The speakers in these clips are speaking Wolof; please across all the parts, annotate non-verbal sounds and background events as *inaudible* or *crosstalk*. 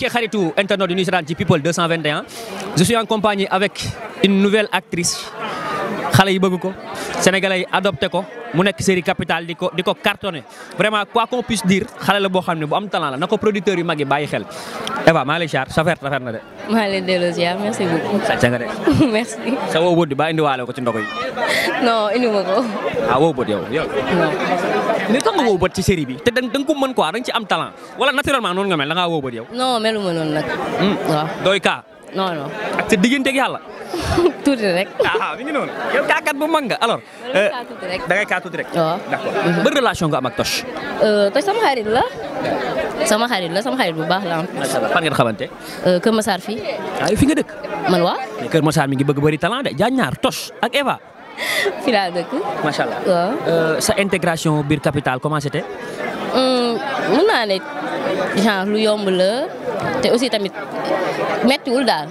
ki xaritu internaute yu ñuy seetaan ci People 221 je suis en compagnie avec une xale yi bëgg ko sénégalais yi adopté ko mu nekk série capitale di ko di ko cartonné vraiment quoi qu'on la boo xam ne bu am talent la na ko producteurs yu mag yi bàyyi xel. Eva maa ngi lay ziar sa fer rafet na de. maa ngi lay delloo ziar merci beaucoup. sa *laughs* wow bët ba indiwaale ko ci ndogo *laughs* ah, wow bët yow yow. non. li nga wow bët ci série bi te da da nga ci am talent wala naturellement da ngaa wow bët yow. non melu ma noonu nag. Hmm. waaw doy kaa. non non ak sa digganteeg yàlla. *laughs* tuuti rek. Ah, ah mi ngi noonu bu mag alors. da euh, mhm. relation nga am ak Toch. Euh, Toch sama la. sama xarit la sama xarit bu baax la am. macha allah fan ngeen xamante. Euh, Kër Massar fii. ay ah, fi nga dëkk. man waa. Kër Massar mi ngi bëgg bëri talent de jaañ ñaar Toch ak Eva. *laughs* fi laa dëkk. macha sa intégration biir capitale comment c'était. Hmm, mun naa ne lu yomb la te aussi tamit méttiwul daal.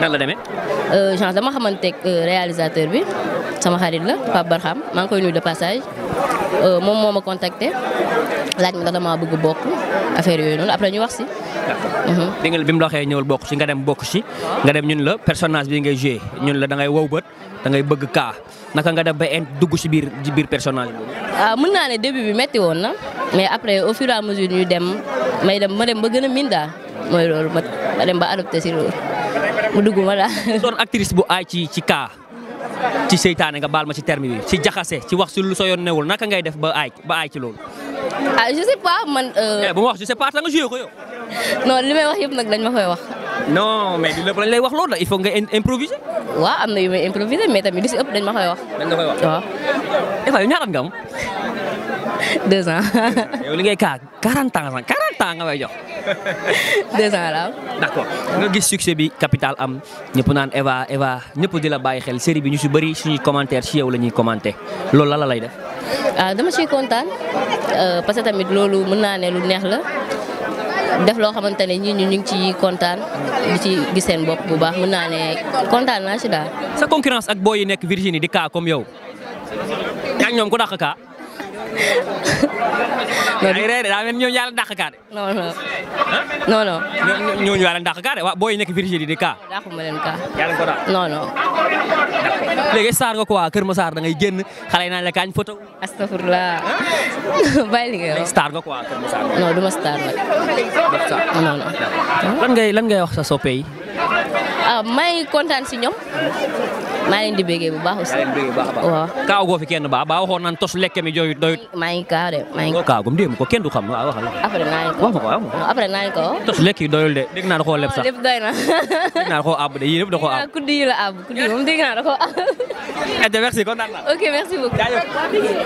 nan la demee. Euh, genre dama xamanteeg euh, réalisateur bi sama xarit la Pape Barham maa ngi koy nuyu de passage euh, moom moo ma contacté laaj ma ndax damaa bëgg bokk affaire yooyu noonu après ñu wax si. Mhm. di nga bi mu la waxee ñëwal bokk si nga dem bokk si. nga dem ñun la personnage bi ngay joué ñun la da ngay wow bët da ngay bëgg kaa naka nga def ba int dugg si biir ci biir bi. ah mën naa ne début bi métti woon na mais après au fur et à ñu dem may dem ma dem ba gën miin daal mooy loolu ma dem ba adopté si mu dugg ma daal. son actrice bu aay ci ci kaa ci seytaane nga baal ma ci terme bi ci jaxase ci wax si lu soo yoon newul naka ngay def ba aay ba aay ci loolu. ah je pas man. Euh, eh, bu ma wax je sais pas nga joué ko yow. *laughs* non li may wax nag dañ ma koy wax. non mais du lépp lañ lay wax loolu la il faut nga improviser. waaw am na yu may improviser mais tamit du si ëpp dañ ma koy wax. dañ la koy wax waaw. Eva yow ñaata nga *laughs* ans. temps nga may jox. deux nga gis succès bi capital am ñëpp naan Eva Eva ñëpp di la bàyyi xel série bi ñu si bëri suñuy commentaire si yow la ñuy commenté loolu la la lay def. ah dama ciy kontaan euh, parce que tamit loolu mën naa ne lu neex la. def loo xamante ne ñii ñu ngi ci kontaan di ci gis seen bopp bu baax mën naa ne kontaan naa ci daal. sa concurrence ak booy nekk Virginie di kaa comme yow yaa ñoom ku dàq kaa. *laughs* non ay reer daa mel ñooñu yàlla dàq kaa de. non non non non. ñooñu yàlla dàq kaa de kaa. dàquma leen kaa. yàlla ko dàq non nga quoi Kër Masar da ngay génn xale yi naan la kañ photo. astafurlah bàyyi li nga wax. star nga quoi Kër Masar. lan ngay lan wax sa soppe ah maa ngi kontaan si ñoom maa leen di béggee bu baax aussi. maa leen di béggee bu baax a baax waaw. kaaw goo fi kenn baax baax waxoon naan tos lekk mi doyut doyut. maa ngi kaaw de maa ngi. kaaw gum déem ko kenn du xam waaw waxal. après naa leen ko wax waaw après naa leen ko wax. tos lekk yi doyul de dégg naa da koo leb sax. lépp doy na. *laughs* dégg naa da koo àbb de yii yëpp da koo àbb. kuddi yi la àbb kuddi yi moom dégg naa da koo àbb. *laughs* merci kontaan naa. ok merci beaucoup.